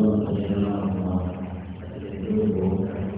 Thank you.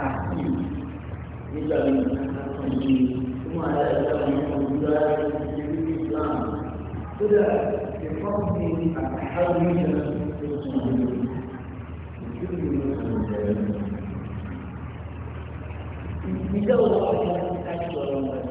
hati kita semua ada dalam yang Islam sudah sebab akan hal ini dalam ini itu yang kita lakukan kita lakukan kita lakukan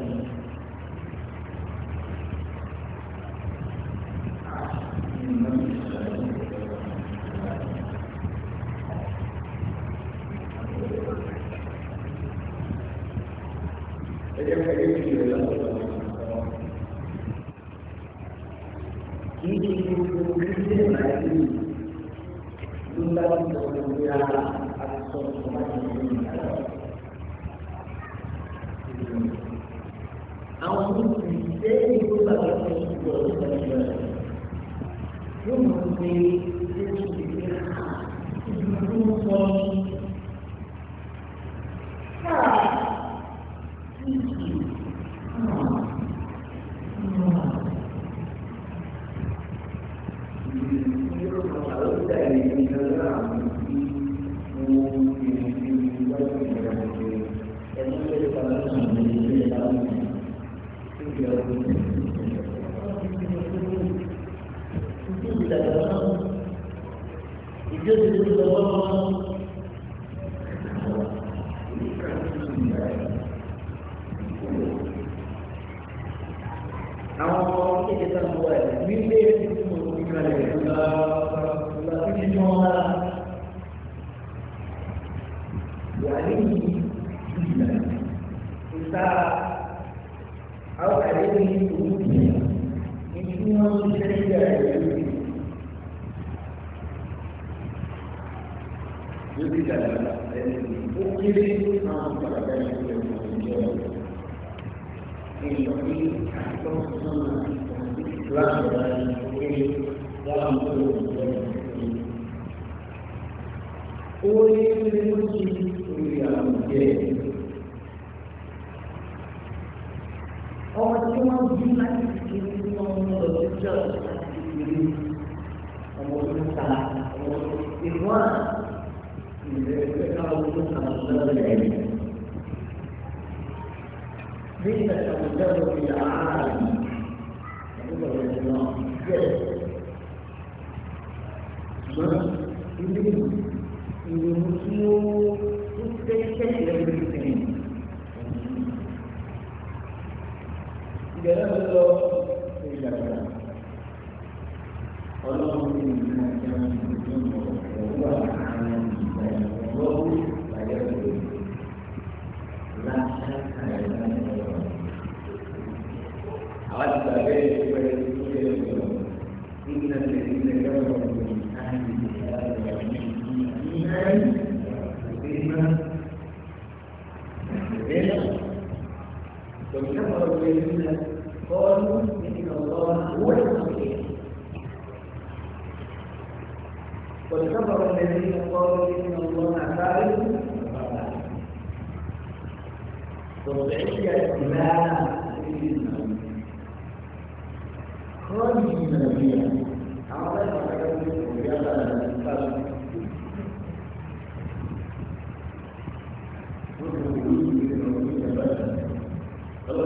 الله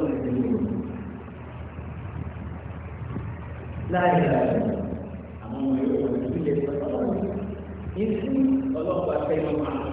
المسلمين لا إله إلا الله أمام يوم الدين يتفضل إنسي الله أكبر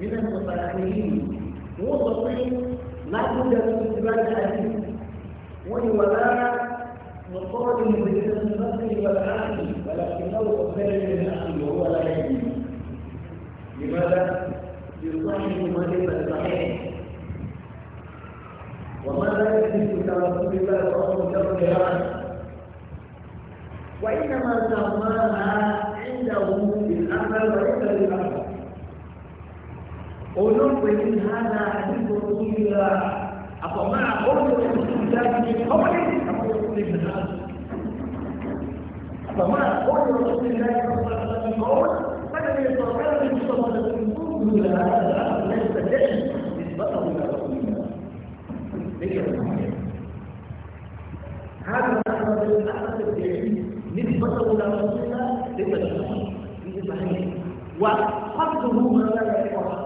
من المصالحين وصفي ما يوجد من اتباع الحديث ولولاء مقابل بين النصر والعقل ولكنه خير العقل وهو لا يدري لماذا يصحح مذهب الصحيح وما لا يجوز كرسول الله وهو جرد وإنما سماها عنده بالعمل وليس بالأمل ان هذا حديث رسول الله أفمع قول رسول الله من قوله أقول ابن هذا فما قول رسول الله صلى الله عليه وسلم قول فلم يستطيع المصطفى ان تنظروا الى هذا الامر ليس جيش نسبته الى رسول الله هذا الامر للاسف الجيش نسبته الى رسول الله ليس جيش في صحيح وقصده ما لا يقع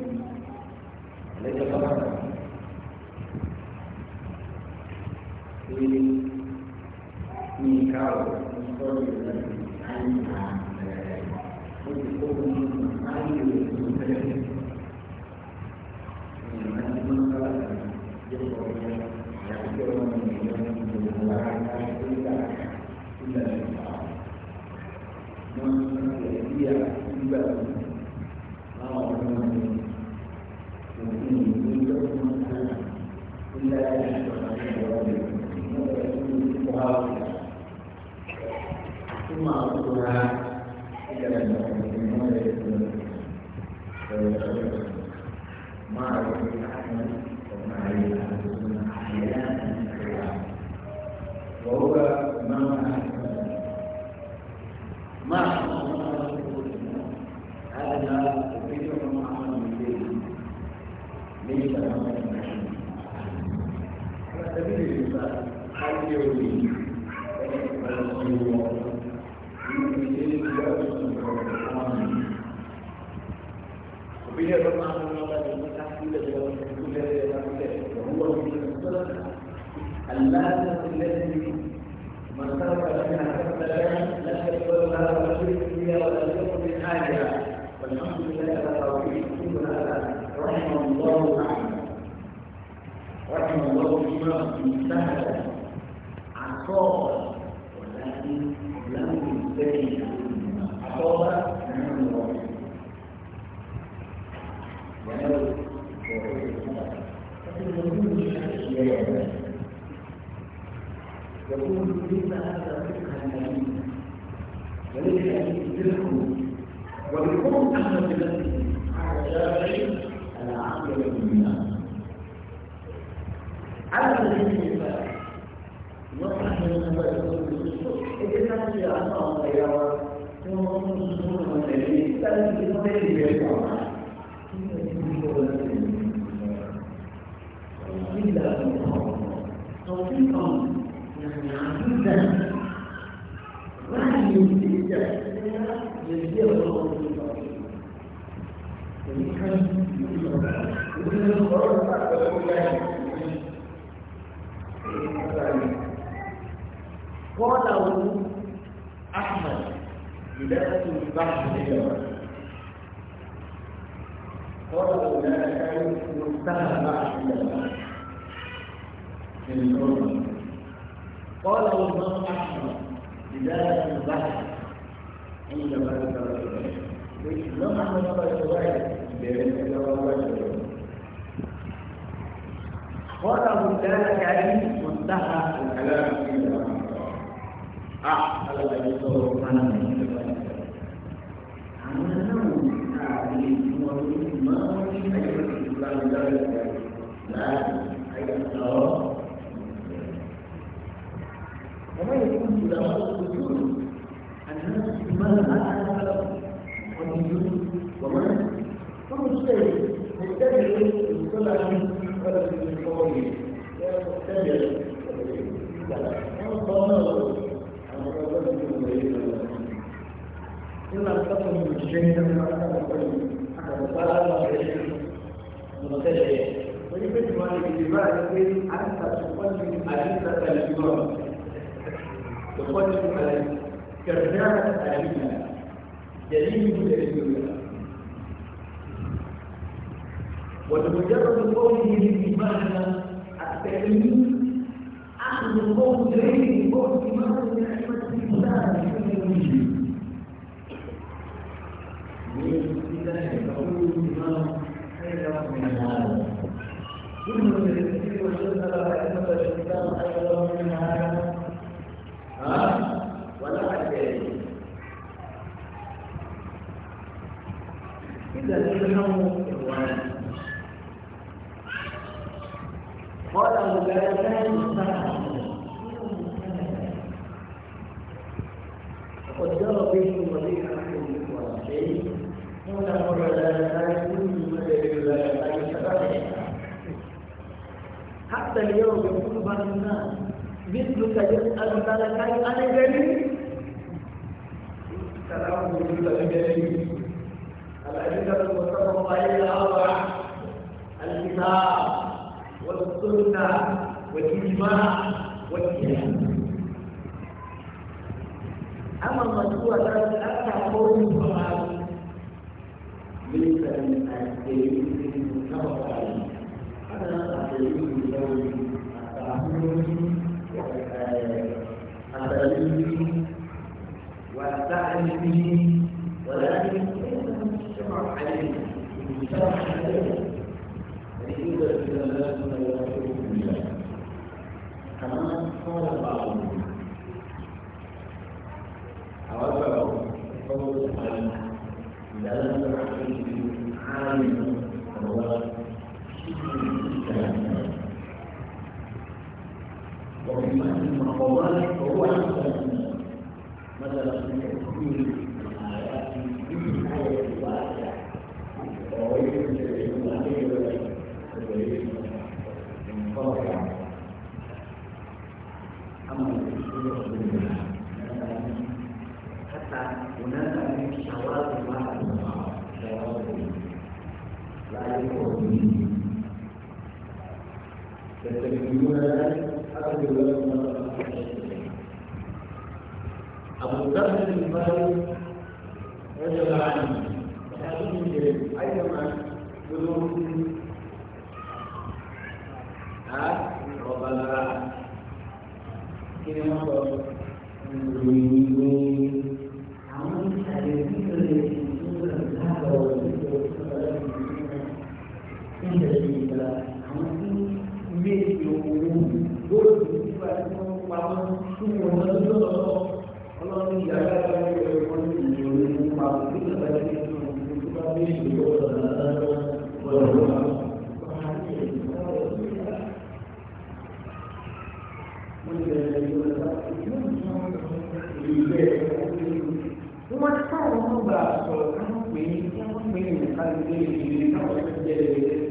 really you power and story الإنسان ما يمكن الإنسان يجزيه الله قاله أحمد بداية يعني البحث الهجرة قالوا لا يعرف مستهى بعد الهجرة Qala wa man ahmad bidaya al-bahth inda barakallahu fiik. Lam ahmad ba shuwai bi al Qala wa dana kali muntaha al-kalam fi Ah, kalau lagi tu mana ni? Mau ini mau ini, ayam itu pelan pelan. Nah, ayam telur. وما يكون إذا أردت وجود الناس بما أعلم والوجود وما كل شيء مختلف يطلع ولا في لا مختلف إلا تكون من الشيء من أحد القلب أحد القلب مختلف ولكن ما يجب أن تكون أجهزة الإمام يقدم عليه كذاب علينا دليل دليلنا ولمجرد قوله بمعنى التكليف أخذ القول غير قول بمعنى نعمة الإنسان من الوجود كل من العالم يستطيع وجدنا لا يتمتع الشيطان خيرا من العالم ولا حتى إذا نحن إخوانا قال مجاهدان وقد جرى بهم ولي أحد الإخوانين هنا مجاهدان كل مجاهدان حتى اليوم يكون بعض الناس Mislu saja antara kain aneh jadi Sekarang mungkin tak jadi Kalau ini kata kata Membayar Allah Al-Kitab Wal-Sunnah Wal-Ijmah Wal-Ijmah Amal Masyur adalah بأهله àwọn tí méjì owó lórí ìgbà tí wọ́n ń pamọ́ tí wọ́n lọ sí lọ́wọ́ ọlọ́run ìyá yára yóò rẹ̀ wọ́n ti lè rí ní pamọ́ tí ìgbà tí wọ́n ti bá méjì owó lọ́wọ́ lọ́wọ́ lọ́wọ́. Wọ́n ti káwọn ọmọ gbà sọ̀rọ̀ káwọn pè é káwọn pè é nìkan lé ìdílé káwọn ẹgbẹ́ jẹ́ lé.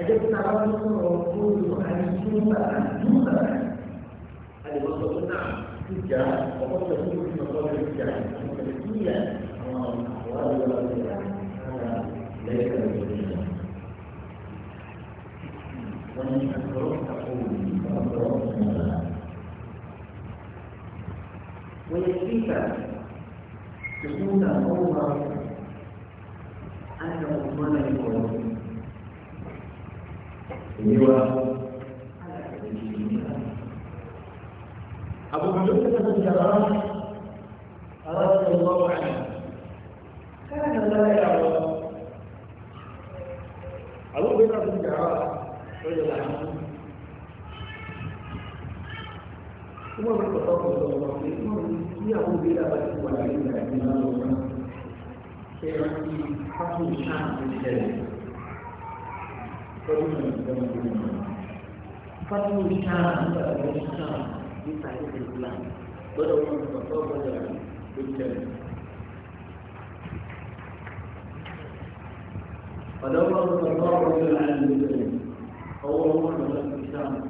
أجبنا رجل وقول عن سوء عن سوء هذه وصفة نعم تجاه وقد تكون في مقابل التجاه المتمثيلة أمام الأحوال والأولياء هذا ليس بالجنة ومن أكرم تقول أكرم ويكفيك تكون أمرا أنه ملك أيوة أبو بكر بن جراح رضي الله عنه كان لا يعلم أبو بكر بن جراح رضي الله عنه ثم من التصور صلى الله عليه وسلم يأتيه بلا بد ولا إلا إلا سيأتي حكم شعب الشريف فضل شعب الشعب في تاريخ الإسلام بدأ من التصور بالشريف فدور التصور بالعلم هو هو الإسلام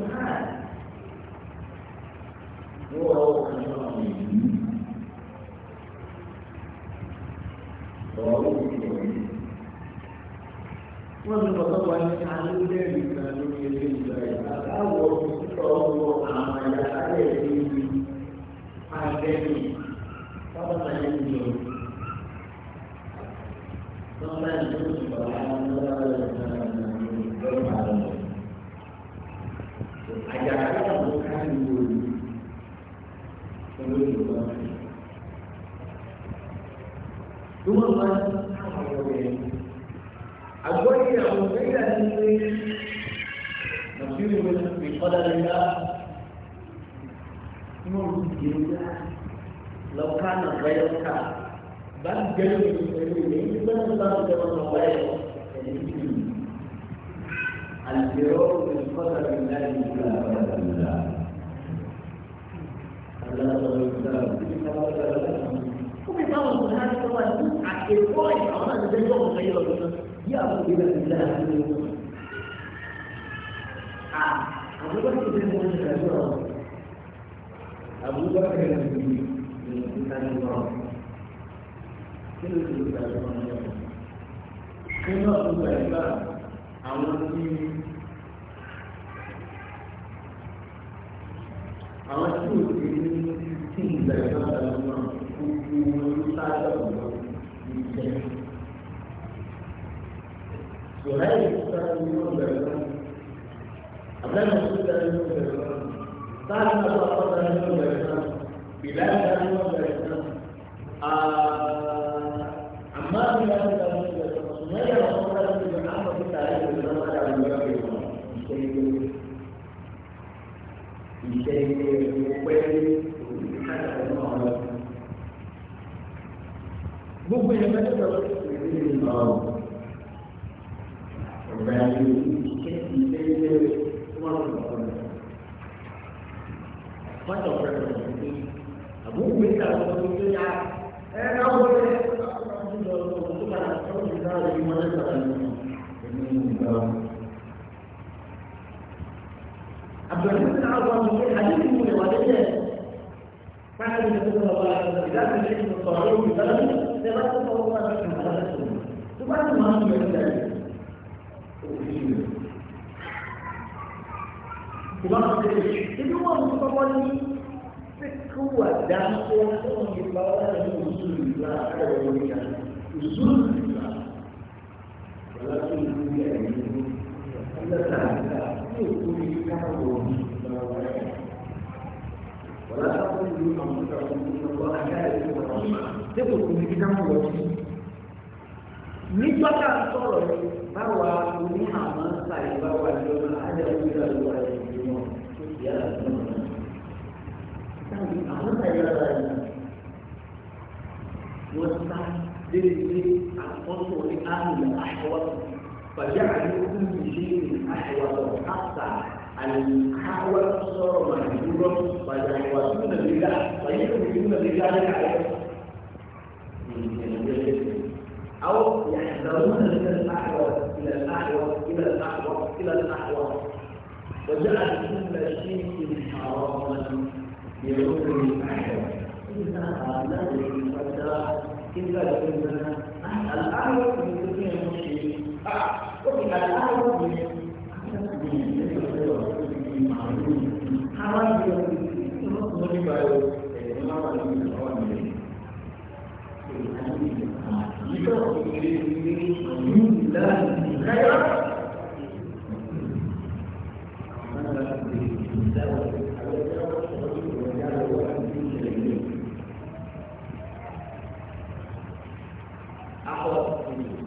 yóò rọ òkú ní ọ̀nà yìí. Ọ̀rọ̀ òkú ní ọ̀nà yìí. Wọ́n ti sọ sọ́kọ̀ ní alúgbẹ̀rì kan lórí ilé ìgbà ìgbà láwọ̀ títọ̀ ọ̀wọ̀ àwọn ẹ̀yà ayẹ̀ ìlú àgbẹ̀mí tọ́kọ̀tà yẹn ń lò. Tọ́kọ̀tà yẹn ń lò sọ̀rọ̀ àwọn ọmọdé ọ̀rọ̀ ìgbà ìgbà ìgbà ìgbà olórí ìlú náà. Dúró máa ń àwọn ọmọ yẹn. Àgbọ̀ yìí àwọn ìgbéyà ní pé Nàìjíríà ló ti kọ́dá lẹ́yà. Wọ́n ń di ẹ̀yà lọ́ka náà bẹ́ẹ̀ ká. Bá ń jẹ́ ìlú ìlú ìlú ìlú ìgbà tó bá ń jẹ́ ọ̀nà báyìí ẹ̀yìn ìlú. Àlùfẹ́ ọ̀rọ̀ ìkọ́dá lẹ́yà ìlú ìlú àbáyé ìlú àbáyé. وبيطور هذا هو على الوعي العمل ده يوم غير الجسم يأخذ إلى الله من الجسم أبو بكر بن مسعود أبو بكر بن مسعود من كان الله كل الإنسان كان الله أمر به àwọn tí ò sí ní tí ìgbàgbọ́ àgbà náà gbogbo wọn sáré ọ̀dọ́ ìjẹ́. Sọ̀rọ̀ ayé sáré ní ọ̀gbẹ̀rẹ̀ náà. Àbẹ́nà tó sáré ní ọ̀gbẹ̀rẹ̀ náà. Sáré náà tó àpá sáré ní ọ̀gbẹ̀rẹ̀ náà. Bìlá sáré ní ọ̀gbẹ̀rẹ̀ náà. Àmọ́ àbílá sáré ní ọ̀gbẹ̀rẹ̀ náà. Sùmẹ́yà ọ̀gbẹ̀rẹ̀ náà ti ìṣe ìwé pẹ́ òkúta náà lọ. Gbogbo ìyẹn mẹ́ta lọ sí ìwé ìlọ ọ̀rọ̀ ayé ìṣe ìṣe ìṣe wọn lọ sọ̀rọ̀ lọ. Wọ́n sọ fẹ́ lọ sí pé àbúkù mi kà lọ sí pé a ẹ ká wọlé ọ̀rọ̀ tó lọ sọ̀rọ̀ tó bá a sọ̀rọ̀ ìdára ìmọ̀lẹ́sọ̀rọ̀ ìmọ̀lẹ́sọ̀rọ̀ عبد العزيز بن عوف رضي حديث من والده كان النبي صلى الله عليه وسلم اذا كان شيء من الصالحين في بلده سيرته صلى الله عليه وسلم على نفسه ثم انت مهم من ذلك خلاصة هو متطلب هو دعم قوته في الصلاة من أصول الإسلام هذا هو أصول الإسلام ولكن هو يعلم أن تعالى يكون كفر ولا تقولوا أنفسكم إن الله لا يغفر رحيما تكون كفر وجيه nígbà tá a sọ̀rọ̀ yìí báwa ní àmọ́ ṣàyè báwa ìjọba ajẹ́wò ìjọba ìwà ìjọba ìyára ìjọba àwọn ṣàyè lára yìí wọ́n sá déédéé àkọ́sọ̀ ní àmì àṣọwọ́sọ̀. فجعلوا كل شيء أحوط حتى الأحوط صار مهجورا فيحوطون بالله فيؤمنون بذلك أو يحذرون من الأحوط إلى الأحوط إلى الأحوط إلى الأحوط وجعل كل شيء حراما يؤمن بالأحوط إن هذا الفتاة إلا كنا الأحوط من كل شيء Apa ini?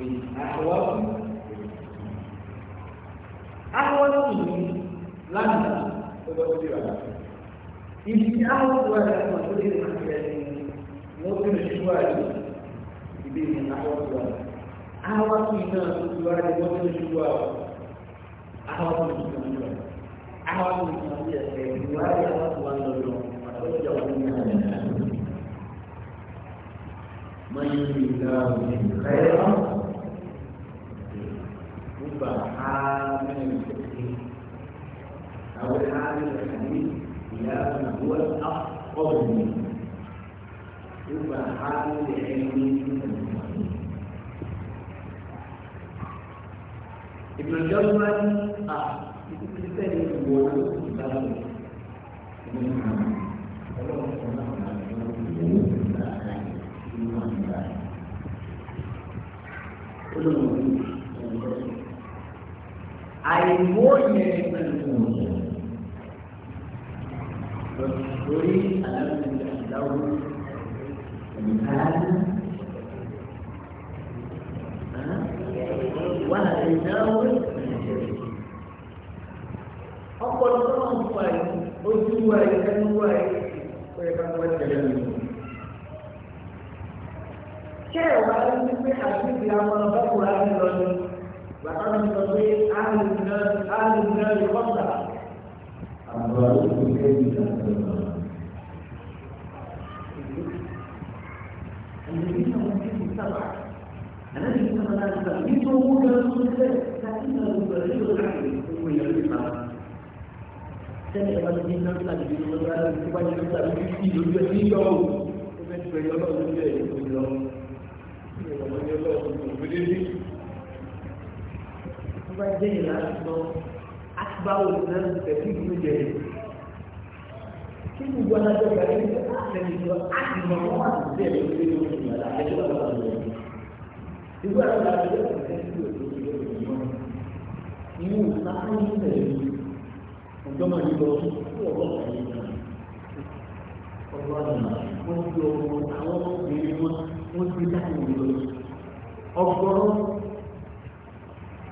بالأحوال أحوال من لما Ibi ahọ́wọ́ ẹ̀rọ ìwé ìrìnàjò lókè ṣíwájú ibi ìrìnàjò àwọn ìná ìwádìí lókè ṣíwájú àwọn ìrìnàjò àwọn ìrìnàjò ẹ̀sẹ̀ ìwádìí àwọn ìwádìí àtọ́jọ́ ìrìnàjò. من يريد الله خيرا يبقى حامل الفقه أو حامل الحديث إلى من هو الأفقه منه يبقى حامل العلم ابن الجوزي أحد الثاني يقول Thank you. àìmọye pẹ̀lú lórí àlàáfíà ìdáwó ìdáwó wà ìdáwó ọ̀pọ̀lọpọ̀ náà ń wà yìí ojú wà yìí ẹnu wà yìí pé ká wọ́n tẹ̀lé mi. kí ẹ̀ wá ní àti ìgbìyànjú ọ̀bá kùrọ̀ á وقد يستطيع أهل النار أهل النار خمسة أبواب الجنة الذين هم فيهم سبعة الذي كما لا تستغيثه كرسول الله فإنه بليغ العلم هو يلي sẹ́ni ẹ̀fọ́ ti ní nọ́ọ̀tà ti di ọjọ́ ara ti wáyé nọ́ọ̀tà ti di ti lójú ẹ̀ níyọ̀ o ó fẹ́ ti pẹ̀lú ọlọ́run lójú ẹ̀ lójú lọ. bá jẹ́ ìlà lọ àtibáwò náà pẹ̀lú ìlú jẹ̀lẹ̀. kí gbogbo alájọ gba ẹni tó àtẹnì lọ àti mọ wọn wà ní bẹ́ẹ̀ lórí ẹni tó ń yàrá ẹni tó bá lọ yẹn. ìlú àwọn alájọ gba ẹni tó ń yàrá ẹni tó ń yàrá ìlú sáfún ní ìlú ọjọ́ máa ní lọ sí ọ̀rọ̀ ọ̀sẹ̀ yìí ọ̀rọ̀ àná wọ́n ti ọmọ àwọn ọmọ obìnrin wọn wọ́n ti dáhùn lọ ọgọ́rùn-ún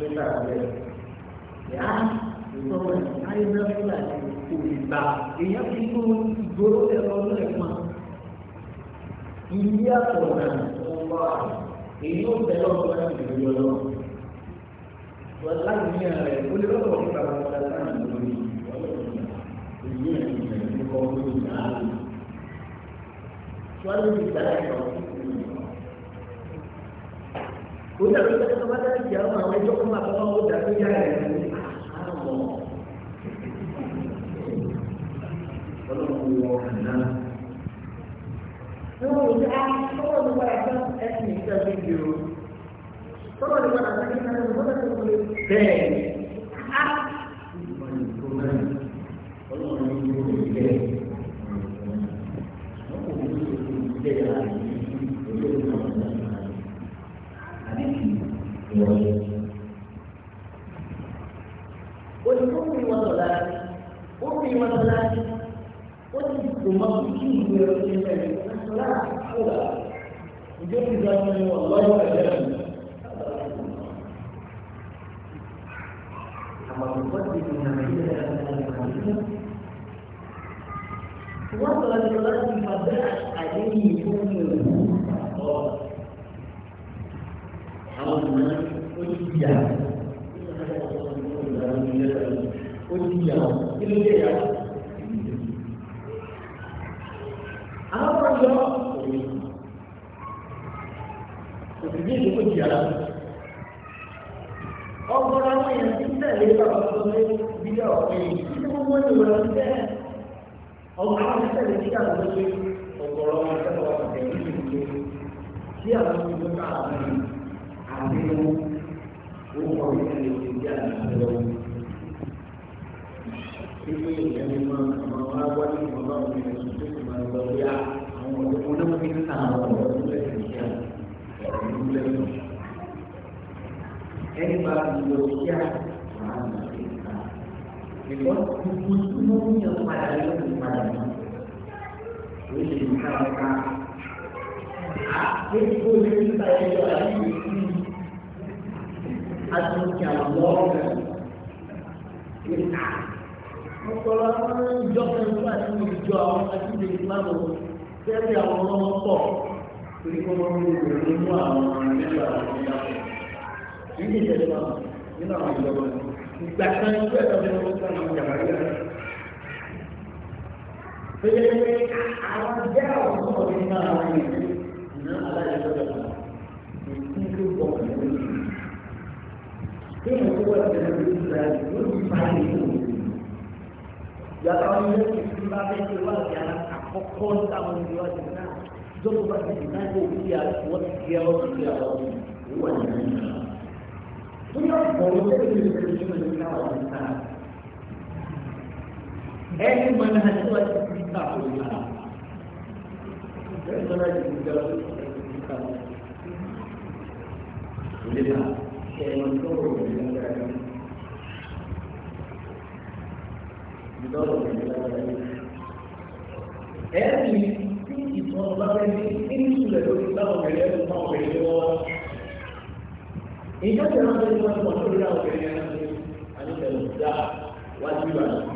lẹ́tà rẹ̀ yá ìtọ́wọ́ ayélujára kò lè gbà èèyàn fi kó ìgboro ẹ̀rọ lẹ́ẹ̀kan ilé àtọ̀ náà ọba èyí ó bẹ̀ lọ́wọ́ láti lè yọ lọ. wọ́n láti ní ààrẹ ó lè lọ́wọ́ nípa ọ̀gá sáà lórí ìwọ́n lọ́wọ́ èyí ẹ̀ ń bẹ̀rẹ̀ nípa ọdún ìdáhùn òun náà ló tẹ́tẹ́ bá tẹ́tẹ́ ìyá ọmọ àwọn ẹjọ́ fún bàbá wọn ó dà tó yá rẹ̀ ní àmọ́ ọlọ́run wọn kàn náà. Ní wọ́n yóò dá tọ́wọ́ ní padà fún ẹ̀sìn ìṣẹ́ fídíò. Tọ́wọ́ ní padà fún ẹ̀sìn ìṣẹ́ fídíò. Bẹ́ẹ̀ni. المنطقي والإيماني نحن لا حول نجرد أن والله أجل كما تصدق النمية الحديثة وصل الولد فدعت عليه أمه قال حرمنا أجيا أجيا أجيا àwọn ọjọ́ ti tẹ̀lé bàbá tó lé bílẹ̀ ọ̀pẹ yìí tí gbogbo ní ìwọ̀n ti tẹ̀ ọgbọ́n àwọn ti tẹ̀lé nígbà tó lé ọgbọ̀rọ̀ yóò fi padà mọ́ ó lè ká ọ̀ka àpéjọ lè nípa ẹjọ́ àti ìlú àtúntà lọ́ọ̀rẹ́ ìta ọpọlọ àwọn ìjọ kan tó àti ìjọ àwọn àti ìjọ ìpamọ́ tẹ́lẹ̀ àwọn ọmọ pọ̀ torí kọ́ wọn ló lè ló mú àwọn ẹgbẹ́ àwọn ìyá rẹ̀ nígbà ìjọba nínú àwọn ìjọba ìgbà kan tó ẹ̀ka tó ń àwọn ìjàmbá yára tó yẹ pé àwọn jẹ́ àwọn tó wọ́n nínú àwọn ènìyàn ní aláìsọ̀rọ̀ kan kí ló bọ̀ wọ́n lórí. Bí wọ́n tó wọ́n ti lórí ìgbà yìí ló ti bá yìí lò. Yàtọ̀ àwọn ilé ìsìn bá fẹ́ ṣe wá ìyá àkọ́kọ́ táwọn ìlú ọ̀dẹ̀ di ẹ̀rọ ti di ẹ̀rọ ti wà Ẹni mọ̀ náà ti wá start with your There is already a girl who comes. We did not. She was so Because of the Everything is all about anything that goes down with it, not people. it are In just another one, one, two, three, four, five, six, I think that was that. What you are.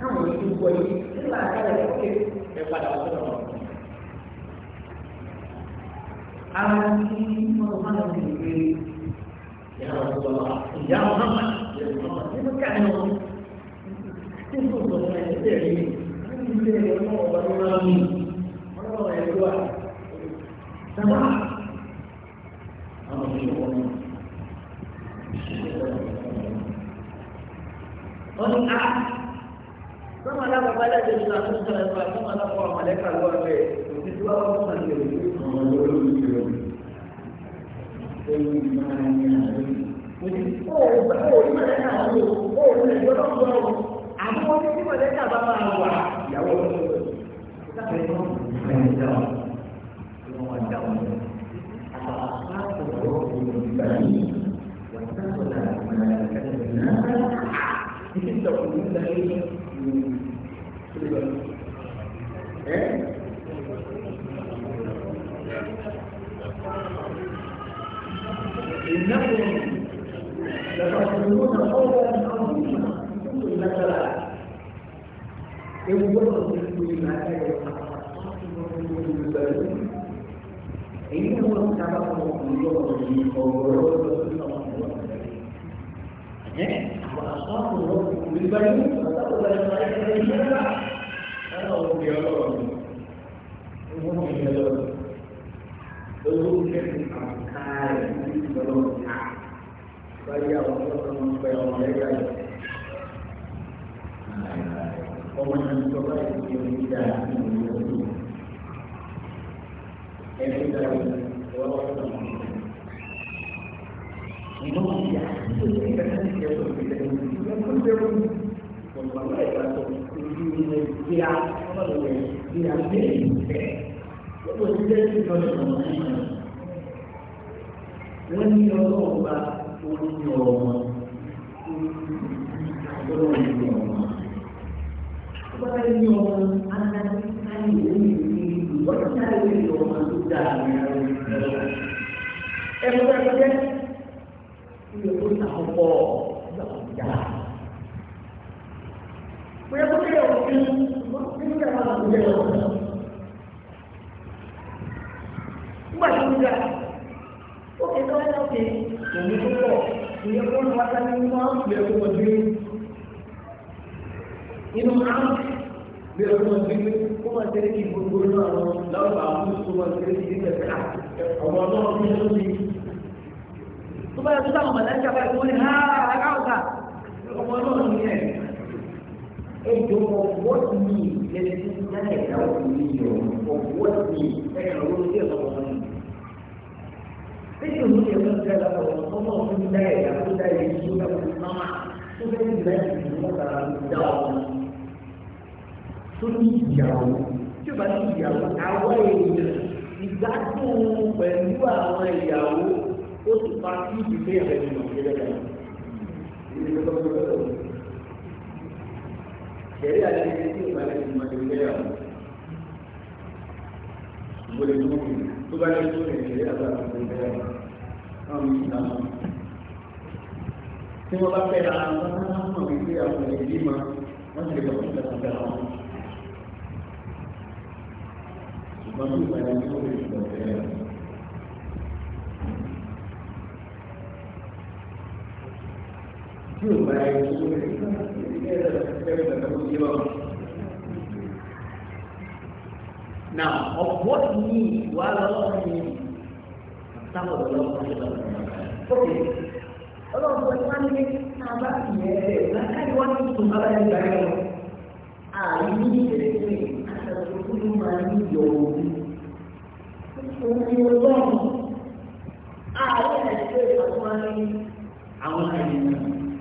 káwọn ìlú wọ yìí nígbà àgbàdo ẹ̀ pé ẹ padà wọ́n tó lọ. Ara ní wọn máa ń bèrè pé ìyá wọn tó ìyá wọn máa ma ìyá wọn nínú káyọ̀ wọn. Nínú ìgbọ̀nsẹ̀ ẹ̀ bẹ̀rẹ̀ ní ilé ẹ̀ lọ́wọ́ ọ̀gá tó máa ń mú ọlọ́wọ́ ẹ̀ lọ́wọ́ alájẹ ní àwọn ìṣẹ̀lẹ̀ ìgbà tó máa lọ́pọ̀ àmàlẹ́kà lọ́wọ́ rẹ̀ òtí tí wọ́n mọ̀ ní ìlú àwọn olórí ìlú ẹ̀yìn ìmọ̀ ní àwọn ìlú. Òtí ó gbà ó ìmọ̀lẹ́kà àwọn ìlú ó ní ìjọ náà gbọ́ ọ. Àwọn ọmọdé bá máa wà ìyàwó ọ̀rọ̀ you know, yeah, so you need to be careful with the you have to be careful. But one way or so, you will be out of the way, you are very fair. What was the situation of the When you are all about what you are ilé tó nà ó pọ̀ lọ́jà. Bóyá kó kéré òfin, nínú kí a máa lọ kéré òfin. Nígbà tí mo gbà, ó ké tó wáyé ọ̀kẹ́ òní tó pọ̀, ìyẹn kó ní wáyé ní wọ́n á lè kó wọ́n dé. Inú á lè kó wọ́n dé kó máa tẹ̀lé kí gbogbo náà lọ́wọ́ àwọn tó máa tẹ̀lé kí ní bẹ̀rẹ̀ ọmọ náà ní lórí. 不要说我们大家快过年哈，大家说，我们说今哎，周末过年，今年过年，下午过年，周末过年，大家轮流去劳这个东西不能讲劳动，劳动是在家就在睡妈妈就在里面睡觉，睡觉就把自己把家围住，一家子围住啊，围家屋。उस उपाधि विषय हमें Tengok apa yang ada dalam nama itu yang menjadi lima, masih dapat kita dalam. Sebab itu banyak yang kita dalam. Now, of what need do I love me? Some of the love of the Okay. A lot of the time, you get to have that here. want you to have that here. Ah, you need it to be. I said, so put in my need your own. So put in your own. Ah, when I say that money, I want to have it.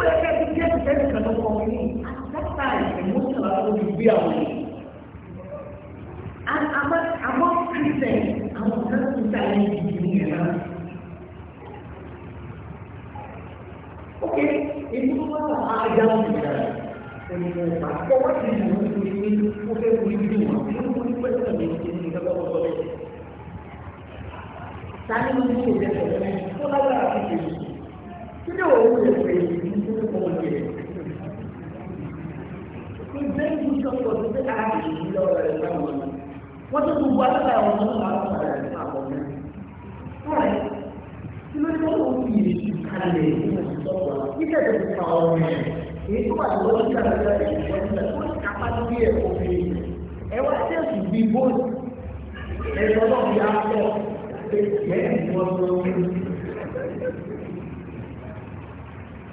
ó yẹ kẹ́ ẹ ti jẹ́ ìfẹ́lẹ̀ kan ló kọ́ mi dókítà ìmúṣọ̀lá ló fi gbé àwọn yìí. àmọ́ kìrìsẹ̀ àwọn kan ti ta ẹ̀ ní ìyẹn náà. ok èyí tó wọ́n wà á yá wọn ìyá rẹ̀. Àkọ́kọ́ wá sí ìlú nítorí pé ó fẹ́ wọ ibi wọn, ó mú ní pẹ́sẹ̀ mi ní ìjọba ọ̀sọ̀ bẹ́ẹ̀. Sáré ló ń ṣe ìjẹ́sọ̀ bẹ́ẹ̀ tó lágbára fi ṣe. Kí ni òun lè fẹ́ yìí? kọ̀ọ̀kẹ́ wọ́n tó gbogbo alága àwọn ọmọ náà wọ́n sọ̀rọ̀ rẹ̀ fún àbọ̀ tí ló ní wọ́n fi ìrètí kalẹ̀ nínú ìsọ̀rọ̀ nígbà tó ti rẹ̀ èyí tó wà lọ́wọ́ ní kàlẹ́dà rẹ̀ wọ́n ti sọ̀rọ̀ wọ́n ti kápá lórí ẹ̀ òfin ẹ wá sí ẹ̀sùn bíi bóòlù ẹ̀sọ́ náà fi á pọ̀ pé ẹ̀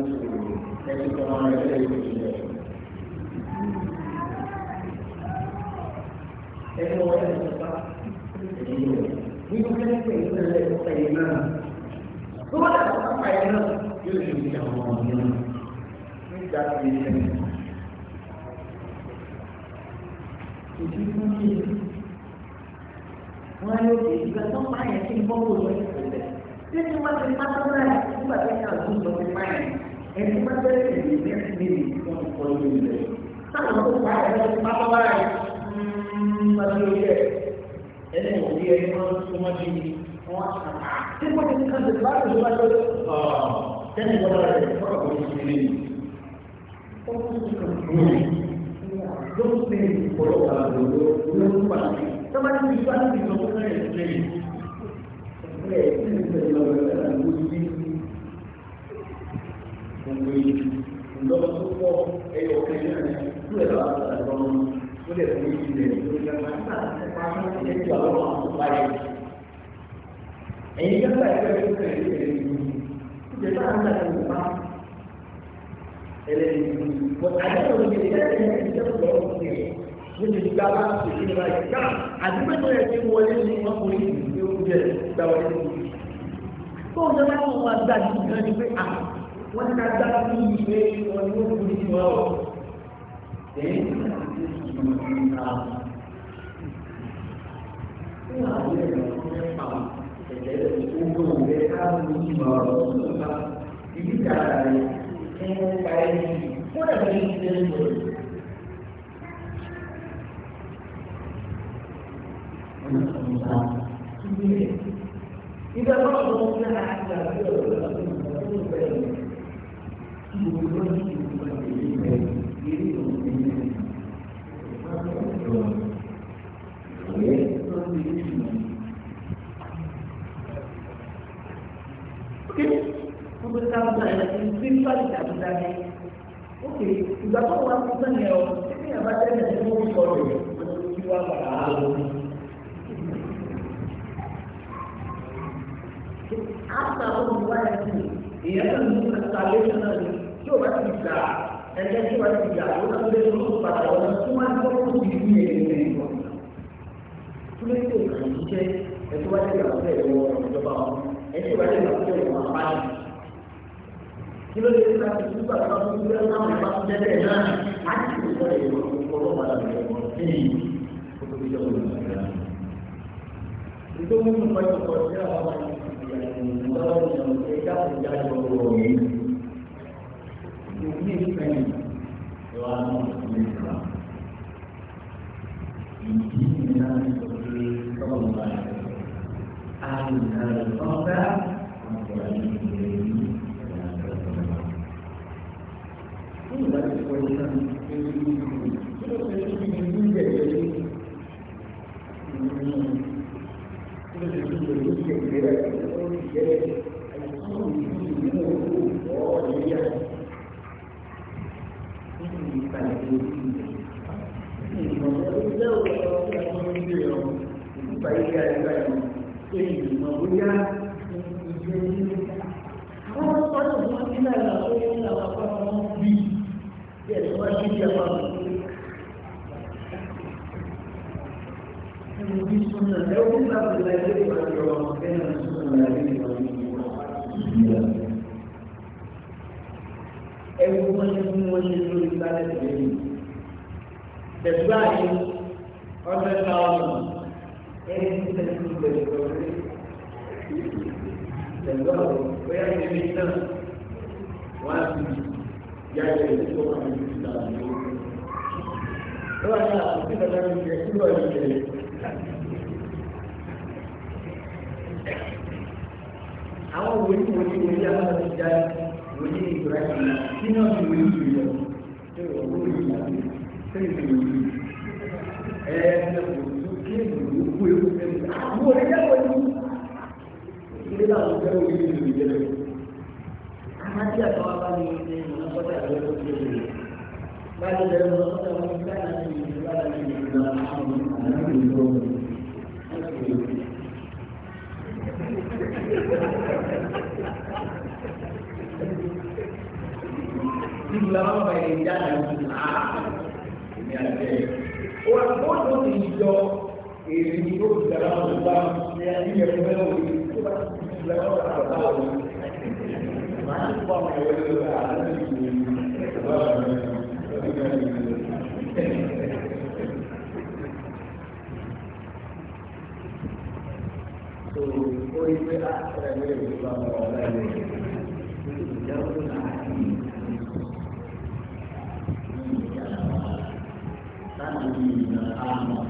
trying ìjọba èyí rẹ̀ nínú bá dàgbà kí n bọ́ wò lórí ìpínlẹ̀. Tí wọ́n ti máa náà nígbà tó yẹ àwọn ìjọba máa ẹni you bẹ́ẹ̀ tẹ̀lé mẹ́rin níbi wọ́n ti kọ́ lórí rẹ̀. Táwọn tó pa ẹ̀rọ ti pápá báyìí máa ń lórí ẹ̀. Ẹni ò rí ẹni tó wọ́n di wọ́n àtàkà. because the won is ká ṣe bá what wájú ọ̀ tẹ́lẹ̀ wọ́n rẹ̀ fọ́rọ̀ kò ní ṣe lé. Ó kún sí kan fún mi. Ló ń pè é ìpọ̀lọ̀ àgbò òǹgbò ẹ̀yin yàtọ̀ ẹgbẹ́ tó kẹrin lè lè lù ú jẹ́ bá ń dàgbà wò bá ẹlẹ́ lè lù ú bọ̀ àyẹ̀wò lè lè lè lè lè lè wọ́n ti ká dá sí ìwé wọn ni wọ́n kú ní ìwọ́ ọ̀ lẹ́yìn tí wọ́n ti ṣe ìwé wọn ní ara wọn. Ní àwọn ilé ẹ̀rọ tó fẹ́ pa ẹ̀jẹ̀ tó ń gbọ́ O ká ní ìwọ́ ọ̀rọ̀ tó ń bá ìdí ìdára rẹ̀ kí wọ́n pa ẹ̀ O wọ́n dẹ̀ fẹ́ ní ilé ìwé rẹ̀. Ìgbà tó ń bọ̀ ní àgbà tó ń bọ̀ ń tẹ́lẹ̀ náà á ti kò sọ èrò ọlọ́pàá padà bẹ̀rẹ̀ mọ́ sí i kó tó fi jọ wọn lọ́wọ́ rẹ̀. Ìjọ mú mi pẹ́ ọkọ̀ sí àwọn ọmọ ìyàwó ìyàwó ìjà ìjà ìjọ ọ̀rọ̀ yìí. Ìjọ ní ìfẹ́yìn ìwà náà ní ìfà. Ìjì ìrìnà ìjọ pé tọ́lọ̀ bá yẹ. Àrùn àrùn ọ̀gá. wọ́n ṣe lórí sálẹ̀tì lẹ́yìn tẹ̀síwá yìí ọ̀sẹ̀ táwọn ẹni tí tẹ̀sí lẹ́yìn lórí tẹ̀síwá bóyá ṣe lè tán wọ́n á fi yá ilẹ̀ tí wọ́n kàn ní ìlú àwọn ìlú. ó ní àkókò ìdájọ́ ìjẹ́ kúrò ìjẹ́ àwọn òwe tí àwọn ọ̀sẹ̀ jáde wani ne kura shi na shi na wani wani su yi da ta yi wani wani na ne sai su yi wani eh na kusu ke wani ku yi kusa ne a mu wani ya wani ilé làwọn fẹ́ wọ́n yìí lùdì jẹ́lẹ̀ àmà tí àtàwọn bá ní ní ọlọ́pàá àti ọlọ́pàá tó lè lè báyìí lẹ́nu ọlọ́pàá wọn ní báyìí láti lè lè báyìí lè lè lè lọ́wọ́ àwọn ọmọ bá ní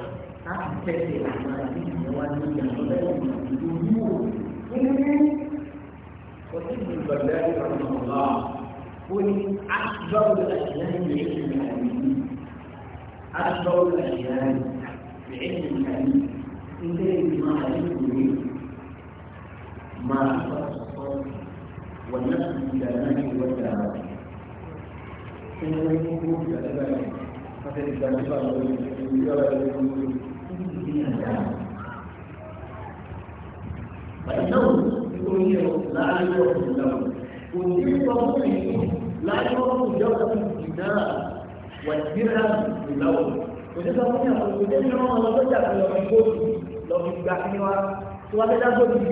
تكفي أعمالهم وأنهم رحمه الله قل أكبر الأديان بعلم الحديث أكبر الأديان بعلم الحديث إليه ما علمه ما أكبر الصوت والنفس بالله والدعوة إنه يقول يا أبا فتلك الأديان من الدم فإنه يقول لا يوقف اللون والدين الضروري لا يوقف جودة الدماء والدرهم باللون وإذا كنا نقول إن الله لا بد من الوقوف لو يبقى حيوان سواء لا بد من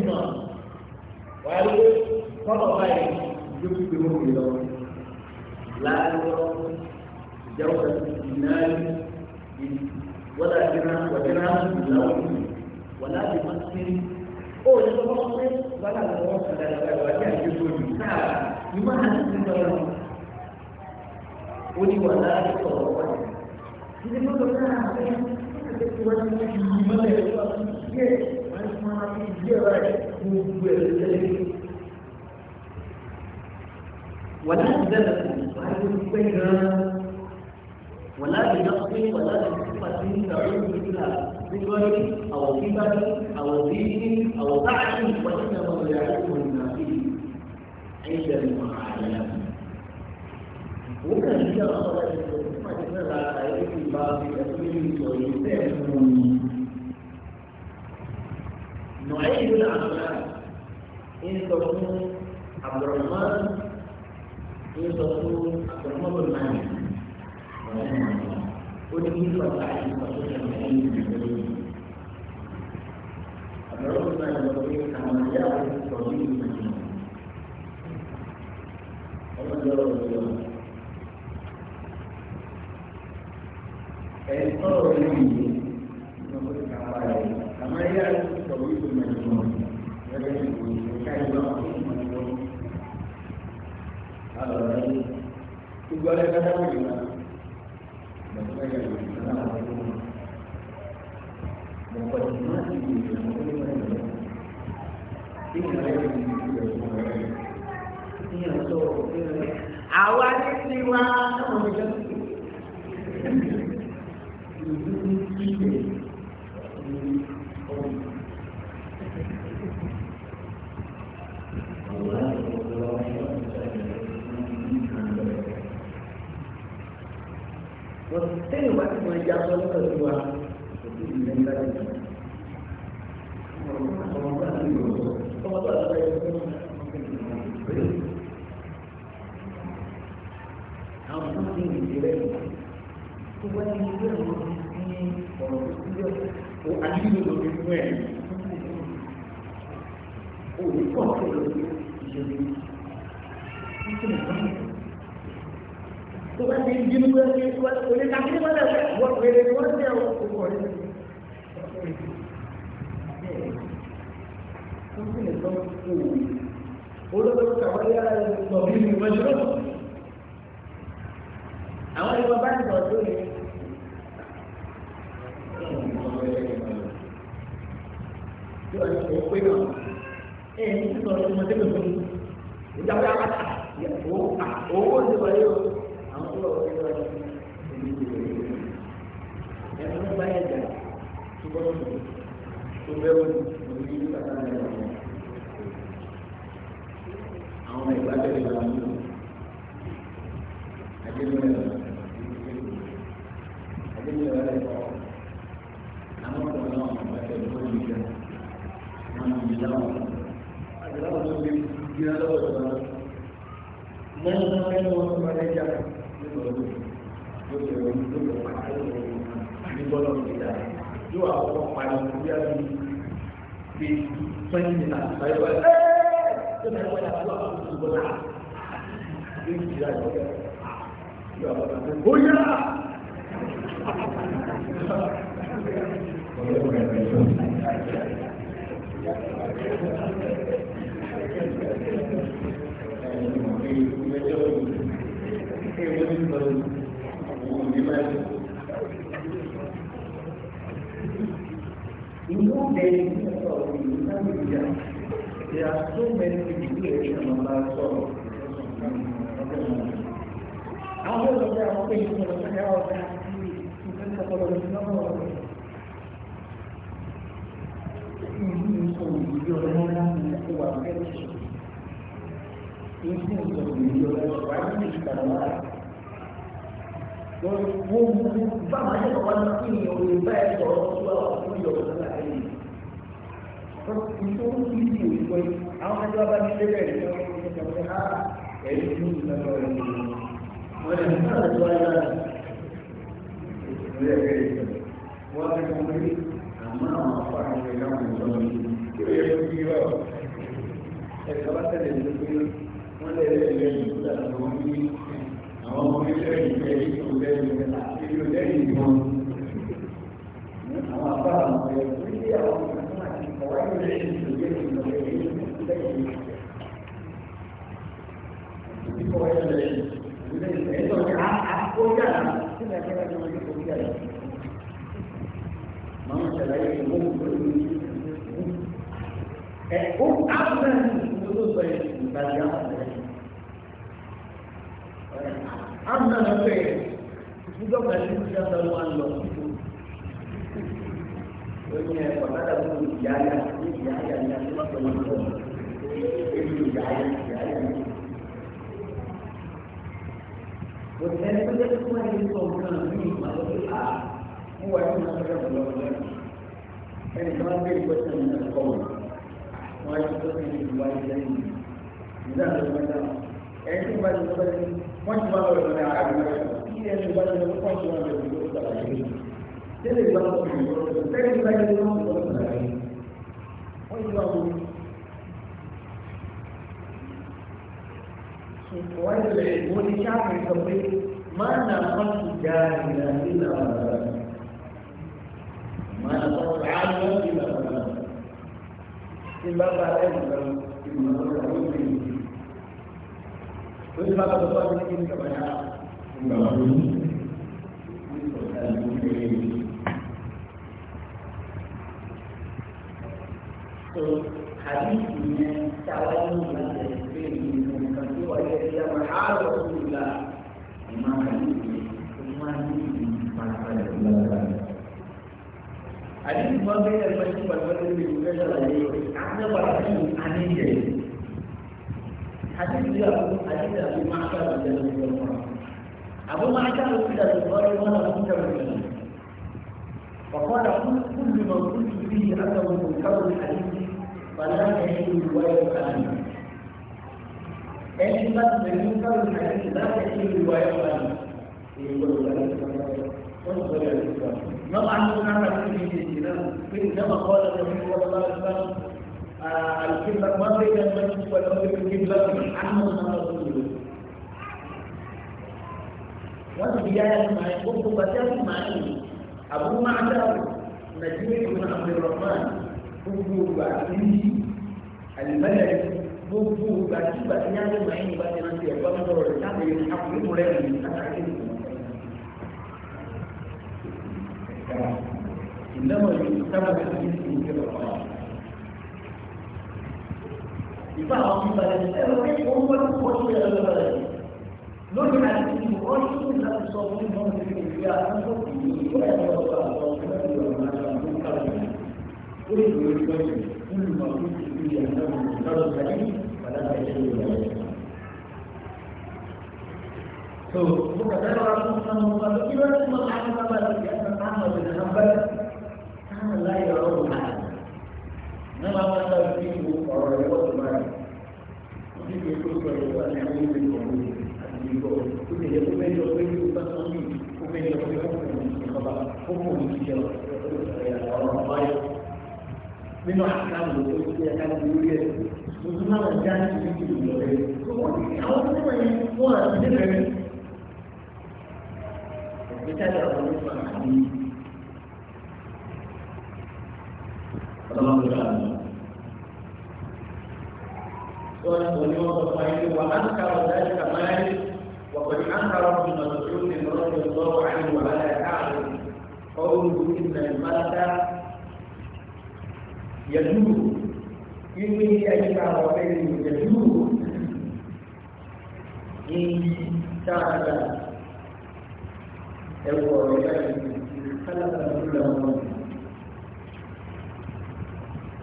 ولا جناح وجناح له ولا بمسلم ó ní kọ́ fún pé bàbá mi wọ́n ti dára báyìí wá sí àjẹsọ yìí náà ní máa ń sin lọ́wọ́ ó ní wà láàyè sọ̀rọ̀ wá ní ní kókò náà pé ṣe ti wá sí ìlú mọ́lẹ̀ ẹ̀rọ yẹ wọ́n ti máa fi yẹ báyìí gbogbo ẹ̀rọ tẹ́lẹ̀. wà láti dára sí wàá ló pẹ́ gan-an. ولا بنقص ولا بصفة تعود إلى ذكر أو كبر أو دين أو بعد وإنما يعلمه النافذ عند المعاينة وكان إذا نعيد الأعمال إن تكون عبد الرحمن إن تكون عبد الرحمن ó ní kí pàtà ìpàtó ìrìn àyè ìgbàlódé àbẹ̀rẹ̀ òṣùpá ìgbàlódé pé àwọn ìyá rẹ̀ sọ̀rọ̀ ní ìgbàlódé ọlọ́dọ̀ ọ̀rọ̀ ẹ̀tọ́ rẹ̀ yìí lọ́kọ̀ọ́ ìkàwá rẹ̀ àwọn ìyá rẹ̀ sọ̀rọ̀ ní ìgbàlódé ẹgbẹ́ ìgbòho káyọ̀ ọ̀hún ọ̀hún 你那个什么，那个那个那个那个叫什么？就是我们那个牌子的东西啊，你不要理他。如果我怀疑你，你真的啊，还有，哎，这两个人说话是不是？听起来有点，不要。哎呀！哈哈哈哈哈！mọ̀ ní ìmọ̀ ní. Ìlú bẹ̀rẹ̀ ní ọ̀rọ̀ ìlú náà There are so many people here in my life so àwọn ọ̀dọ́ àwọn pé ìṣòro ṣẹlẹ̀ ọ̀dà ìṣòro ṣẹlẹ̀ lọ́wọ́ ìlú ìṣòro ìlú ọ̀dà láti ṣe wà fẹ́ẹ́ ṣe. Ìṣòro ìlú ọ̀dà wà ní ìṣòro wọ́n wọ́n mú bá máa yẹ kọ́kọ́ náà kí ni bá ẹ sọ̀rọ̀ tó wà fún ìyọ̀ tó náà ẹ̀yìn. Ìṣòro ti di òyìnbó yìí, àwọn ẹjọ́ bá ní lébẹ̀ ní ti ṣe ní ìlànà rẹ̀ ní wọ́n lè ní àwọn àwọn afárá rẹ̀ àwọn àwọn àbá tó wọlé kò kíyà àwọn ẹ̀rọ I'm not afraid. you don't believe to the one you, when you have another one, Yaya, Yaya, Yaya, not the one lost. Yaya, Yaya. Whenever the one is concerned, you must ask, who are not going to love? And not be question the phone. Why the person is not wọ́n ti wá lọ́wọ́ ìrọ̀lẹ́ àgbẹ̀ kí ẹni bá ti lọ́wọ́ wọ́n ti wá lọ́wọ́ ìrọ̀lẹ́ àgbẹ̀ tẹ́lẹ̀ ìgbà tó ti lọ́wọ́ tẹ́lẹ̀ ìgbà tó ti lọ́wọ́ wọ́n ti wá lọ́wọ́ وعند العلم والإشعار يقول ما wani ba ka da ba ne kin gaba ya kun gaba ne So, hadis ini tawaran dari Nabi Muhammad SAW yang mahal Rasulullah. Imam hadis ini semua ini pada Allah. Hadis Imam bin Al-Masih Al-Masih juga adalah ini. Anda berarti aneh حديث يقول حديث أبي معشر الجنة والمرأة أبو معشر إلى البخاري وأنا متوكل فقال كل من قلت به أنه منكر الحديث فلا يحل رواية عنه أي من منكر الحديث لا يحل رواية عنه طبعا هناك في الاسلام انما قال النبي صلى الله عليه وسلم الكبلة ما بين المسجد والمسجد الكبلة عن رسول الله وفي بداية ما يقول خطبته مع أبو معدر نجيب بن عبد الرحمن gbogbo ìgbà tí àlùbẹ́lẹ̀ gbogbo ìgbà tí ìgbà tí yára ìgbà yìí bá ti rántí ẹ̀kọ́ tó rọrùn láti rí àpòlùmọ̀ rẹ̀ ní àtàkì ìlẹ́wọ̀n yìí sábà ti بعض البلد هم يقولون إلى البلد لكن على الدين الرشد لا تصابون هم في الرياء أنفسهم ولا يوقع الله ما كانوا كافرين قل يقول كل ما كنت فيه أنه مفترض عليه فلا تجد ذلك So, bukan Rasulullah SAW itu mengatakan bahwa dia pertama dengan hamba, karena layak orang lain. Nama Allah itu orang yang berbaik nítorí tó sọ yẹn wà ní àwọn ìwé ìwọ̀n mi àti ìwọ̀ tó lè yẹ kó fẹ́ yọ pé yóò bá sọ mí kó fẹ́ yọ pé kó fún mi ìjọba kó fún mi ìjọ ọ̀rọ̀ àbáyọ. nínú àkàlù tó ti ẹ̀ka ti orí ẹ̀ tuntun náà wọ́n já sí ibi ìlọ rẹ̀ tó wọ́n ti àwọn tó wọ́n yẹn wọ́n àti níbẹ̀ rẹ̀. ìgbésẹ̀ àwọn ọmọ ìfọ̀ àkàlù. ọlọ́mọdé ونوصفين وأنكر ذلك مالك وقد أنكر ابن مسعود رضي الله عنه وعلى كعب قوله إن الملك يجوز إني أجمع وبين يجوز إن تعالى هو خلق كل مرض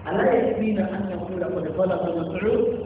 ألا يكفينا أن نقول قد خلق مسعود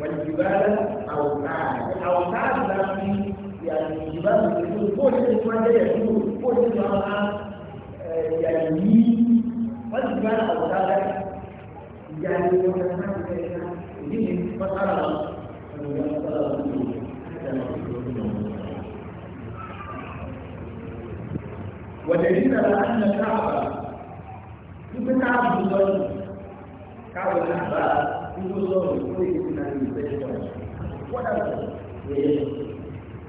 والجبال أوتادا الأوتاد يعني يعني الجبال بتكون فوق الجبال يكون فوق الجبال آه، يعني والجبال أوتادا يعني يوم فترة ودليل على أن الكعبة يبقى كعب الظلم كعبة الأحباب ilusões, coisas na manifestação. Quando ele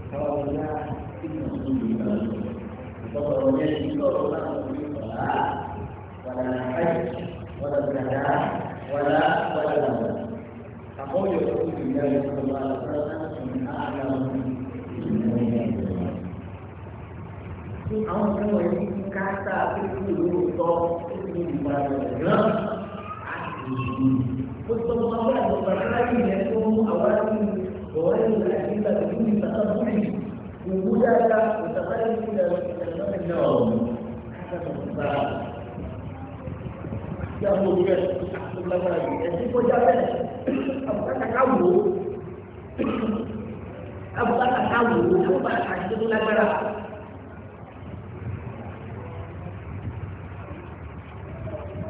trabalhar financeiramente, então provavelmente em todo o lado do falar, para a raiz, para a verdade, para a verdade. Apoio a possibilidade de tomar a prana em água Aonde não existe carta, aquele que o mundo só, esse mundo para o grande, aqui. ثم قال المفاعل يكون أوامر وغير الأجهزة بدون تقبل وجود متقرب إلى النوم حسب المفاعل يأخذ بجد المفاعل يجب وجابه أبقى تحول أبقى تحول أبقى تحول لك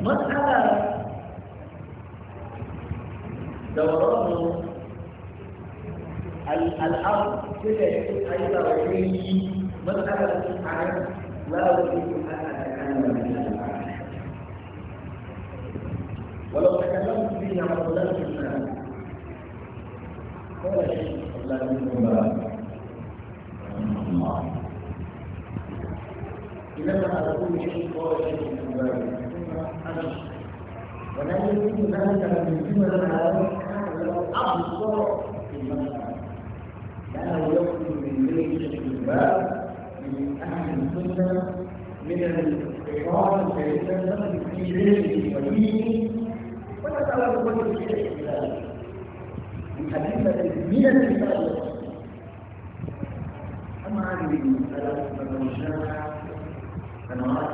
مسألة دوران الأرض كده أيضا وحيد مسألة عن لا أريد أن أتكلم بها ولو تكلمت فيها عن ظلام الناس ولا شيء إلا منهما الله إنما أقول شيء ولا شيء من ذلك أنا ولا يمكن ذلك من جمل العالم أبصر في المسألة لأنه يخرج من بيت الشباب من أهل السنة من الإقرار فيتكلم في بيت بيته ولا ويتعلم كل شيء في ذلك بخليفة من النساء أما هذه المسألة فمنشأها سنوات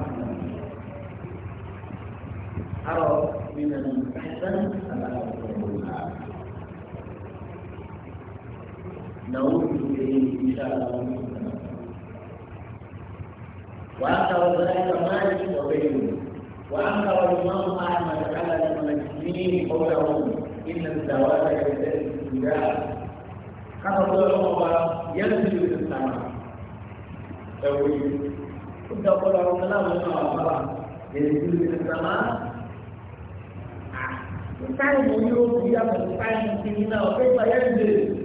أرى من المحسن أن أقول نعود إليه إن شاء الله وأنكر مالك وغيره وأنكر الإمام أحمد على المسلمين قولهم إن الزواج يزداد بالسوداء كما قال عمر ينزل السماء توحيد كنت أقول لهم لا مصنع عمر ينزل بالسماء الثاني آه، يوم يوم الثاني سنين وكيف ينزل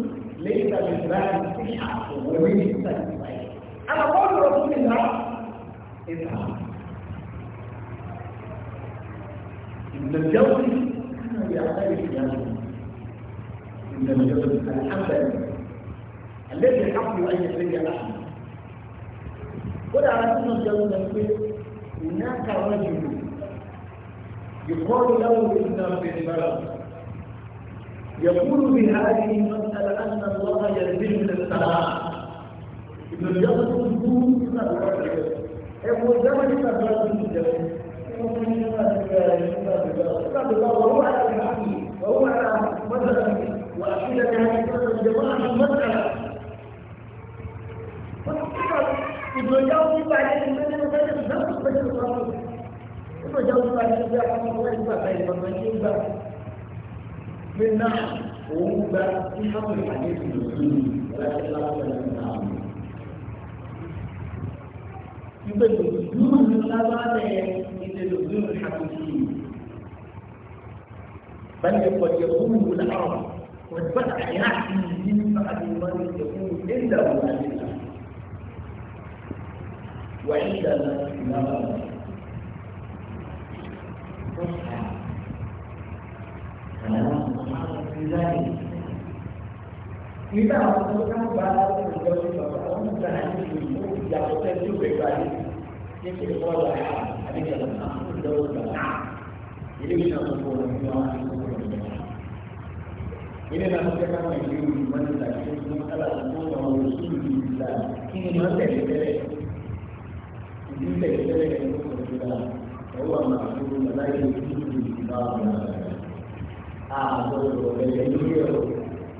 ليس للباب صحة وليس للباب أنا قول رسول الله اذهب ابن الجوزي كان يعترف بهذا ابن الجوزي الحمد لله الذي حقه أن يسري أحمد قل على ابن الجوزي هناك رجل يقال له ابن البلد يقول بهذه المسألة أن الله يلزم السلام إذا يقصد الدين إلى الرجل أبو جمل من الرجل وهو على الحقيقة وهو على مثلا وأحيل بهذه الجماعة المسألة إذا جاءوا بعد إذا بدأت تنقص بدأت تنقص إذا جاءوا بعد المدينة بدأت تنقص من النحو ومبدا في حق الحديث المسلمين ولكن لا بد من التعامل يبقى لزوم المتابعه يبدو لزوم الحقيقيين بل قد يكون العرب والفتح يعفي من بعد ما يكون الا هنالك وعندنا لا dari kita menentukan bahwa kita menentukan bahwa kita menentukan bahwa kita menentukan bahwa kita menentukan bahwa kita menentukan bahwa kita menentukan bahwa kita menentukan bahwa kita menentukan bahwa kita menentukan bahwa kita menentukan bahwa kita menentukan bahwa kita menentukan bahwa kita menentukan bahwa kita menentukan bahwa kita menentukan bahwa kita menentukan bahwa kita menentukan bahwa kita menentukan àgbọ̀dọ̀ ẹ̀yẹ lórí ẹ̀rọ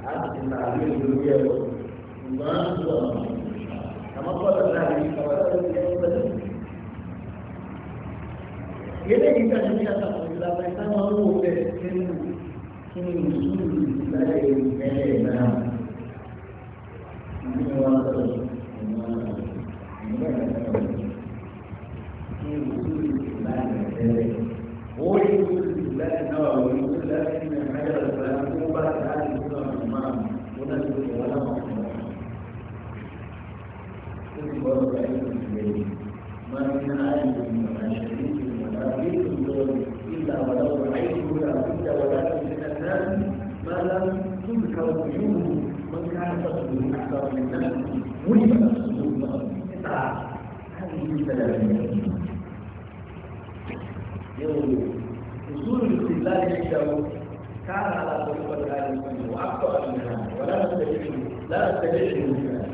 àti ìtàgé lórí ẹ̀rọ ìmọ̀ràn tó ọ̀nà àmọ́ bọ́ọ̀lù náà ní ìkàwọ́dọ̀ ẹ̀yẹ lórí Yẹ́nì ìgbà tí mi àtàkùn ìlànà ìtàn àwọn owó bẹ̀rẹ̀ sínú kí ni ìṣúlù ìlànà ìrìnlẹ̀ náà. Ìgbìmọ̀ wa sọ̀rọ̀ ìmọ̀ ìmọ̀ ìmọ̀ kí ni ìṣúlù ìlànà ìrìnlẹ̀. Ó yẹ kí ìṣúlù ìlànà náà wọlé. تسلك ولا ما من عالم ولا شريك ولا بيت إلا ولو رأيته لا بد ولكن الناس ما لم تذكر وجوهه من كان الناس ولم قصده قطعة هذه ثلاثة يوم الاستدلال عنده كان على طريقة الآل السنة وأكثر منها ولا استجيب لا استجيب منها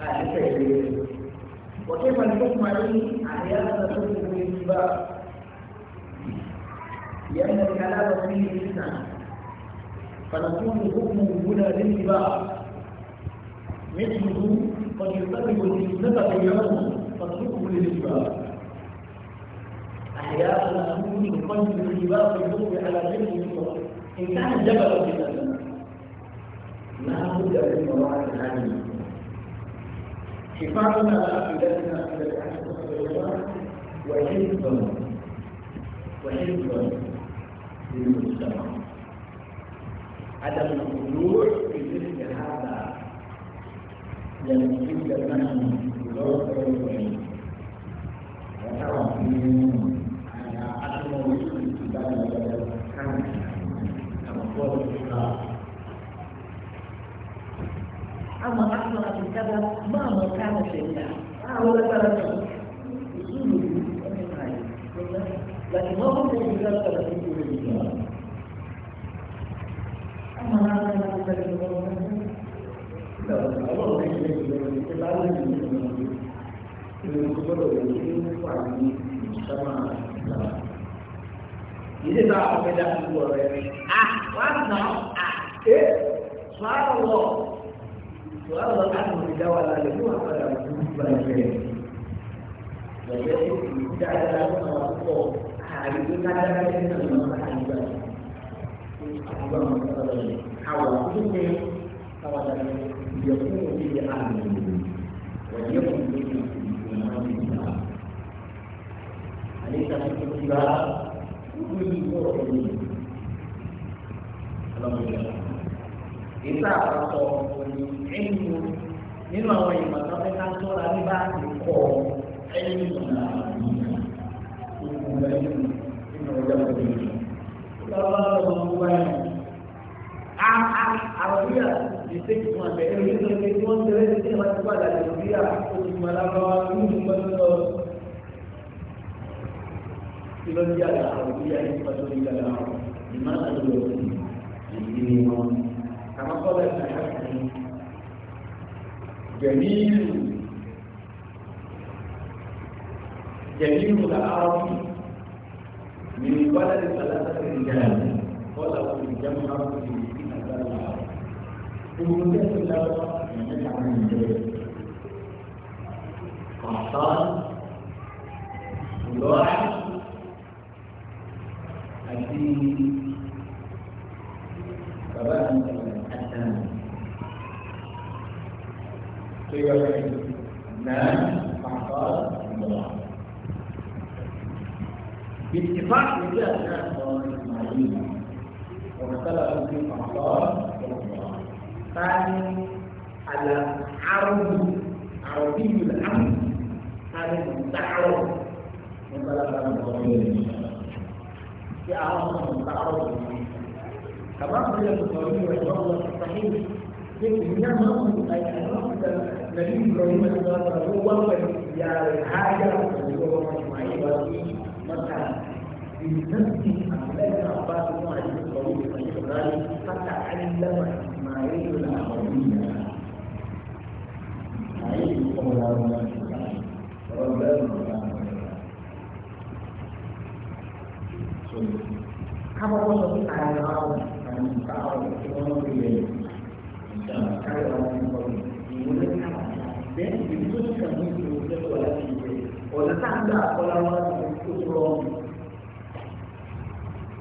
أهل التجريب وكيف الحكم عليه أحيانا تكون بالاتباع لأن الكلام فيه فتنة فنكون حكم هنا للاتباع مثله قد يرتكب الفتنة في يوم فالحكم للاتباع أحيانا نكون نقدم الاتباع في الحكم على غير المتوقف إن كان الجبل في ما لا بد من مراعاة هذه حفاظنا على عقيدتنا في الأسماء وحفظا وحفظا للمجتمع عدم الخضوع في مثل هذا لم يمكن لنا نظر وترى فيه والإحرام أما أحمد في كذا مهما كان شيئا هؤلاء ثلاثة أصول لكن ما هو الذي ذكر في كل أما هذا لا يمكن أن لا الله يجزي العالم من المنظور من الخبر والعلم والعلم والسماع والسماع Ini tak perbedaan dua ya. Ah, warna, ah, eh, suara Allah. Suara Allah kan berjawab lagi dua pada bulan ini. Jadi tidak ada lagi nama Allah. Hari ini tidak ada lagi nama Allah. Ini akan berlaku pada ini. Awal ini, awal dari dia pun tidak ada. nama pun tidak ada. Ini satu kesilapan lórí ìwọ ìlú ọlọmọdé ìta àkọsọ òní ẹnu nínú àwọn ìmọ̀ tó fẹ́ ká sọ́ra ní bá ti kọ́ ẹni ìmọ̀lá ìgbìmọ̀ ẹni nínú ọjọ́ ìgbìmọ̀ lọ́wọ́ lọ́wọ́ gbogbo ẹ̀ àwòrán ìṣèjì fún àgbẹ̀ ẹni tó ń gbé tí wọ́n ń tẹ̀lé ní ìwádìí wà láti ìdíyà oṣù mọ̀lá lọ́wọ́ nínú ìgbìmọ̀ lọ́wọ́ سيبقى على العربية نسبة يعني إلى العرب لماذا الوزن؟ للإيمان كما قال ابن حزم جميل جميل العرب من بلد ثلاثة رجال قالوا في الجمهر في مدينة العرب ومدينة العرب من نجع من جبل قحطان ولاحق àti bàbá àti àtàn tó yọ ọ́ náà باتفاق رجال الناس والإسماعيلية في الأخبار ثاني على عرض عرضي الأمر هذا التعارض من ثلاثة في أعراض المتعرض كما قال البخاري رحمه الله في الصحيح إنما النبي إبراهيم عليه الصلاة والسلام هو هو إسماعيل حتى علم إسماعيل العربية إسماعيل رضي kábọ̀kọ́ sọ pé ara rẹ̀ wà wọ̀ àti ìta ọ̀rọ̀ tí wọ́n ń rí rẹ̀ ìjọba káyọ̀ wà ní ọ̀rọ̀ ìwọlé kábà bẹ́ẹ̀ ìdí tó ti kà ní ìṣòro tẹ́lẹ̀ wà láti ìwé ọ̀nà táǹgbà àkọláwá tó rọ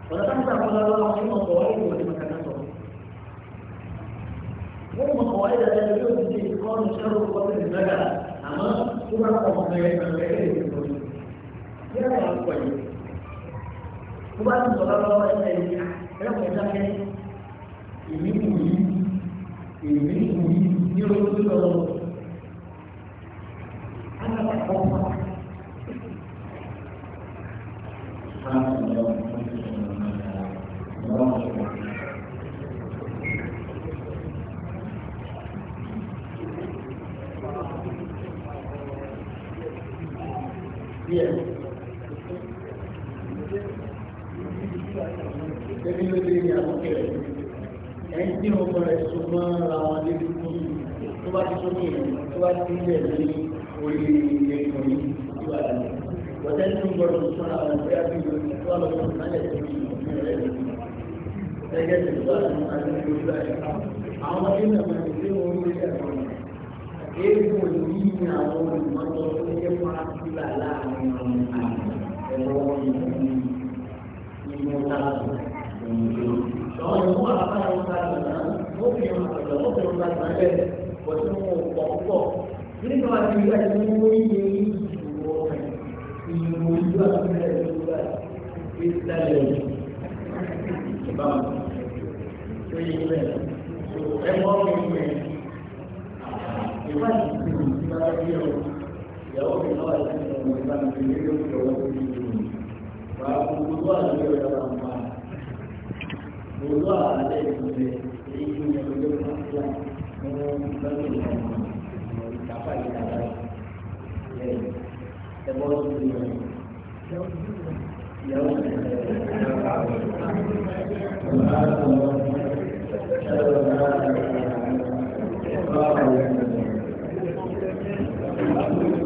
ọ̀nà táǹgbà àkọláwá tó mọ̀ kọ́ ẹ̀kọ́ ní mọ̀kànlá sọ. wọ́n mọ̀ kọ́ ẹ̀dá ẹ̀dá yóò ti di ìkọ́ni sẹ́rù kọ́tẹ́ ìgbàgà àmọ́ tó bá kọ́ ọ̀gbẹ́ ẹ̀gbẹ́ ẹ̀gbẹ́ ẹ̀gbẹ́ tó bá ti lọ́wọ́ ẹsẹ̀ yìí ẹ̀rọ̀kọ̀ dákẹ́ èmi kù yí èmi kù yí ní olóòtú lọ́wọ́. àwọn ilẹ̀ màdì tí wọ́n ń lé ẹ̀rọ eégún yìí ni àwọn olùmọ̀tò tó jẹ́ pàṣípà láàrin àwọn ẹ̀rọ ìmọ̀ta àwọn ìmọ̀ àbáyọ̀ sábà náà ó fi hàn àgbà ó fi hàn àgbà bẹ́ẹ̀ wọ́n ti mú ọ̀pọ̀ púpọ̀ nínú àti ìgbà tí wọ́n ń yẹ ìwọ ìwọ ìlú àti ìlú àti ìlú tó yẹ bẹ́ẹ̀ ẹ mọ́ mi mẹ́ ìwádìí ti mi ti bá bí ọ ìyàwó mi náà wà láti ọmọ ìgbà mi lè ló fi ọwọ́ sí ìlú mi wà á kó gbogbo àlejò ẹ̀ wà má gbogbo àlejò ìgbẹ́ èyí ti yẹ kó ló máa fi láti ọmọ ìgbà mi lè mọ̀ ìkápá ìdára ẹ̀ ẹ̀ bọ́ sí ìlú mi. Ìyàwó mi lè lọ sí ìlú mi. Thank you.